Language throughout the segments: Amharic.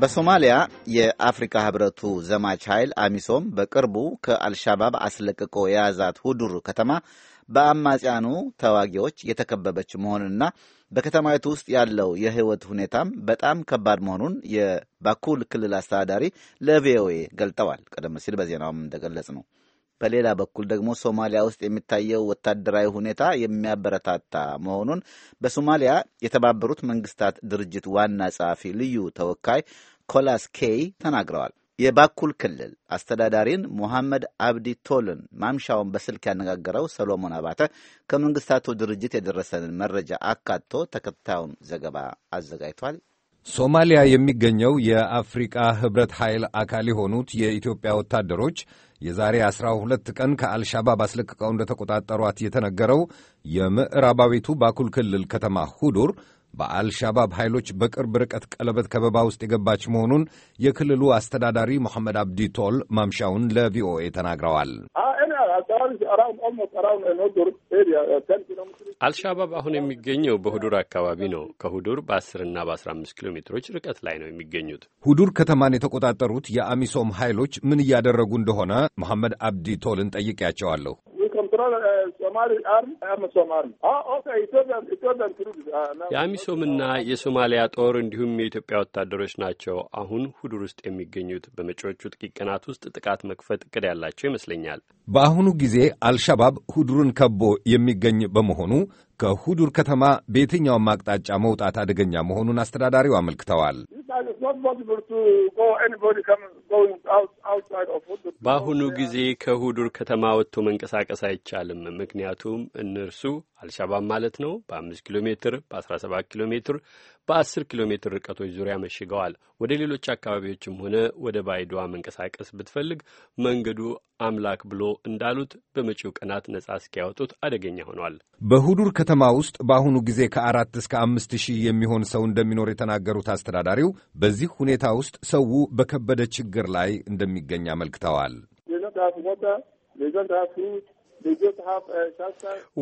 በሶማሊያ የአፍሪካ ህብረቱ ዘማች ኃይል አሚሶም በቅርቡ ከአልሻባብ አስለቅቆ የያዛት ሁዱር ከተማ በአማጽያኑ ተዋጊዎች የተከበበች መሆንና በከተማይቱ ውስጥ ያለው የህይወት ሁኔታም በጣም ከባድ መሆኑን የባኩል ክልል አስተዳዳሪ ለቪኦኤ ገልጠዋል። ቀደም ሲል በዜናውም እንደገለጽ ነው። በሌላ በኩል ደግሞ ሶማሊያ ውስጥ የሚታየው ወታደራዊ ሁኔታ የሚያበረታታ መሆኑን በሶማሊያ የተባበሩት መንግስታት ድርጅት ዋና ጸሐፊ ልዩ ተወካይ ኮላስ ኬይ ተናግረዋል። የባኩል ክልል አስተዳዳሪን ሞሐመድ አብዲ ቶልን ማምሻውን በስልክ ያነጋገረው ሰሎሞን አባተ ከመንግስታቱ ድርጅት የደረሰንን መረጃ አካቶ ተከታዩን ዘገባ አዘጋጅቷል። ሶማሊያ የሚገኘው የአፍሪቃ ህብረት ኃይል አካል የሆኑት የኢትዮጵያ ወታደሮች የዛሬ አስራ ሁለት ቀን ከአልሻባብ አስለቅቀው እንደተቆጣጠሯት የተነገረው የምዕራባዊቱ ባኩል ክልል ከተማ ሁዱር በአልሻባብ ኃይሎች በቅርብ ርቀት ቀለበት ከበባ ውስጥ የገባች መሆኑን የክልሉ አስተዳዳሪ መሐመድ አብዲ ቶል ማምሻውን ለቪኦኤ ተናግረዋል። አልሻባብ አሁን የሚገኘው በሁዱር አካባቢ ነው። ከሁዱር በአስርና በአስራ አምስት ኪሎ ሜትሮች ርቀት ላይ ነው የሚገኙት። ሁዱር ከተማን የተቆጣጠሩት የአሚሶም ኃይሎች ምን እያደረጉ እንደሆነ መሐመድ አብዲ ቶልን ጠይቄያቸዋለሁ። የአሚሶምና የሶማሊያ ጦር እንዲሁም የኢትዮጵያ ወታደሮች ናቸው አሁን ሁዱር ውስጥ የሚገኙት። በመጪዎቹ ጥቂት ቀናት ውስጥ ጥቃት መክፈት እቅድ ያላቸው ይመስለኛል። በአሁኑ ጊዜ አልሻባብ ሁዱርን ከቦ የሚገኝ በመሆኑ ከሁዱር ከተማ በየትኛውም አቅጣጫ መውጣት አደገኛ መሆኑን አስተዳዳሪው አመልክተዋል። በአሁኑ ጊዜ ከሁዱር ከተማ ወጥቶ መንቀሳቀስ አይቻልም። ምክንያቱም እነርሱ አልሻባብ ማለት ነው በአምስት ኪሎ ሜትር በአስራ ሰባት ኪሎ ሜትር በአስር ኪሎ ሜትር ርቀቶች ዙሪያ መሽገዋል። ወደ ሌሎች አካባቢዎችም ሆነ ወደ ባይዶዋ መንቀሳቀስ ብትፈልግ መንገዱ አምላክ ብሎ እንዳሉት በመጪው ቀናት ነጻ እስኪያወጡት አደገኛ ሆኗል። በሁዱር ከተማ ውስጥ በአሁኑ ጊዜ ከአራት እስከ አምስት ሺህ የሚሆን ሰው እንደሚኖር የተናገሩት አስተዳዳሪው በዚህ ሁኔታ ውስጥ ሰው በከበደ ችግር ላይ እንደሚገኝ አመልክተዋል።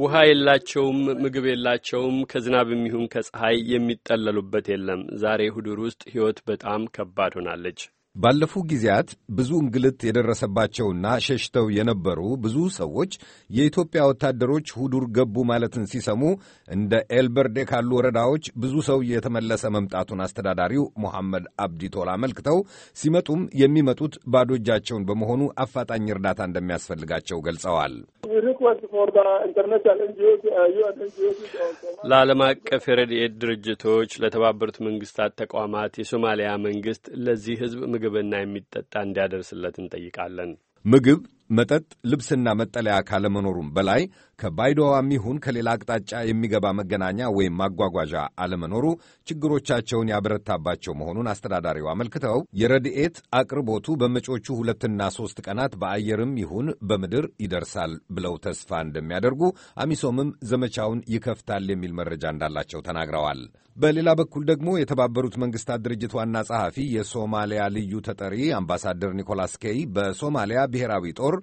ውሃ የላቸውም፣ ምግብ የላቸውም። ከዝናብ የሚሁን ከፀሐይ የሚጠለሉበት የለም። ዛሬ ሁዱር ውስጥ ሕይወት በጣም ከባድ ሆናለች። ባለፉ ጊዜያት ብዙ እንግልት የደረሰባቸውና ሸሽተው የነበሩ ብዙ ሰዎች የኢትዮጵያ ወታደሮች ሁዱር ገቡ ማለትን ሲሰሙ እንደ ኤልበርዴ ካሉ ወረዳዎች ብዙ ሰው የተመለሰ መምጣቱን አስተዳዳሪው ሞሐመድ አብዲ ቶላ አመልክተው ሲመጡም የሚመጡት ባዶ እጃቸውን በመሆኑ አፋጣኝ እርዳታ እንደሚያስፈልጋቸው ገልጸዋል። ለዓለም አቀፍ የረድኤት ድርጅቶች፣ ለተባበሩት መንግስታት ተቋማት የሶማሊያ መንግስት ለዚህ ህዝብ የሚመገብና የሚጠጣ እንዲያደርስለት እንጠይቃለን። ምግብ መጠጥ፣ ልብስና መጠለያ ካለመኖሩም በላይ ከባይዶዋም ይሁን ከሌላ አቅጣጫ የሚገባ መገናኛ ወይም ማጓጓዣ አለመኖሩ ችግሮቻቸውን ያበረታባቸው መሆኑን አስተዳዳሪው አመልክተው የረድኤት አቅርቦቱ በመጪዎቹ ሁለትና ሦስት ቀናት በአየርም ይሁን በምድር ይደርሳል ብለው ተስፋ እንደሚያደርጉ አሚሶምም ዘመቻውን ይከፍታል የሚል መረጃ እንዳላቸው ተናግረዋል። በሌላ በኩል ደግሞ የተባበሩት መንግስታት ድርጅት ዋና ጸሐፊ የሶማሊያ ልዩ ተጠሪ አምባሳደር ኒኮላስ ኬይ በሶማሊያ ብሔራዊ ጦር ጦር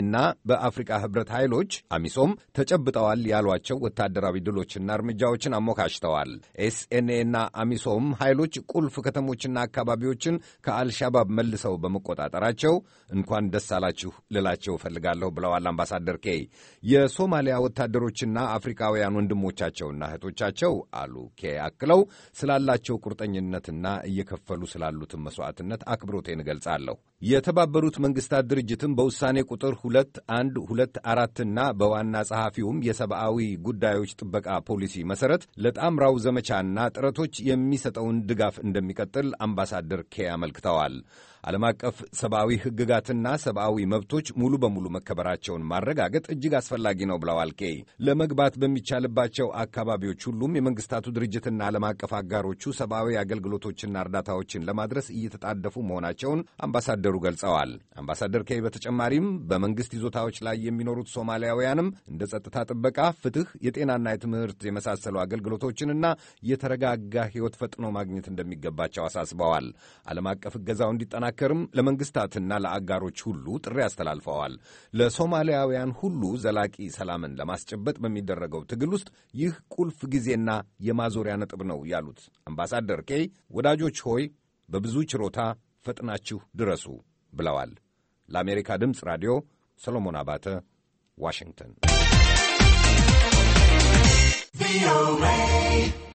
እና በአፍሪካ ህብረት ኃይሎች አሚሶም ተጨብጠዋል ያሏቸው ወታደራዊ ድሎችና እርምጃዎችን አሞካሽተዋል። ኤስኤንኤና አሚሶም ኃይሎች ቁልፍ ከተሞችና አካባቢዎችን ከአልሻባብ መልሰው በመቆጣጠራቸው እንኳን ደስ አላችሁ ልላቸው እፈልጋለሁ ብለዋል አምባሳደር ኬይ። የሶማሊያ ወታደሮችና አፍሪካውያን ወንድሞቻቸውና እህቶቻቸው አሉ ኬ አክለው ስላላቸው ቁርጠኝነትና እየከፈሉ ስላሉትን መስዋዕትነት አክብሮቴን እገልጻለሁ። የተባበሩት መንግስታት ድርጅትም ኒውዮርክም በውሳኔ ቁጥር 2124 አራትና በዋና ጸሐፊውም የሰብአዊ ጉዳዮች ጥበቃ ፖሊሲ መሠረት ለጣምራው ዘመቻና ጥረቶች የሚሰጠውን ድጋፍ እንደሚቀጥል አምባሳደር ኬ አመልክተዋል። ዓለም አቀፍ ሰብአዊ ሕግጋትና ሰብአዊ መብቶች ሙሉ በሙሉ መከበራቸውን ማረጋገጥ እጅግ አስፈላጊ ነው ብለዋል ኬይ። ለመግባት በሚቻልባቸው አካባቢዎች ሁሉም የመንግስታቱ ድርጅትና ዓለም አቀፍ አጋሮቹ ሰብአዊ አገልግሎቶችና እርዳታዎችን ለማድረስ እየተጣደፉ መሆናቸውን አምባሳደሩ ገልጸዋል። አምባሳደር ኬይ በተጨማሪም በመንግስት ይዞታዎች ላይ የሚኖሩት ሶማሊያውያንም እንደ ጸጥታ ጥበቃ፣ ፍትህ፣ የጤናና የትምህርት የመሳሰሉ አገልግሎቶችንና የተረጋጋ ሕይወት ፈጥኖ ማግኘት እንደሚገባቸው አሳስበዋል። ዓለም አቀፍ እገዛው እንዲጠናከ እንዲጠናከርም ለመንግስታትና ለአጋሮች ሁሉ ጥሪ አስተላልፈዋል። ለሶማሊያውያን ሁሉ ዘላቂ ሰላምን ለማስጨበጥ በሚደረገው ትግል ውስጥ ይህ ቁልፍ ጊዜና የማዞሪያ ነጥብ ነው ያሉት አምባሳደር ኬይ ወዳጆች ሆይ በብዙ ችሮታ ፈጥናችሁ ድረሱ ብለዋል። ለአሜሪካ ድምፅ ራዲዮ ሰሎሞን አባተ ዋሽንግተን።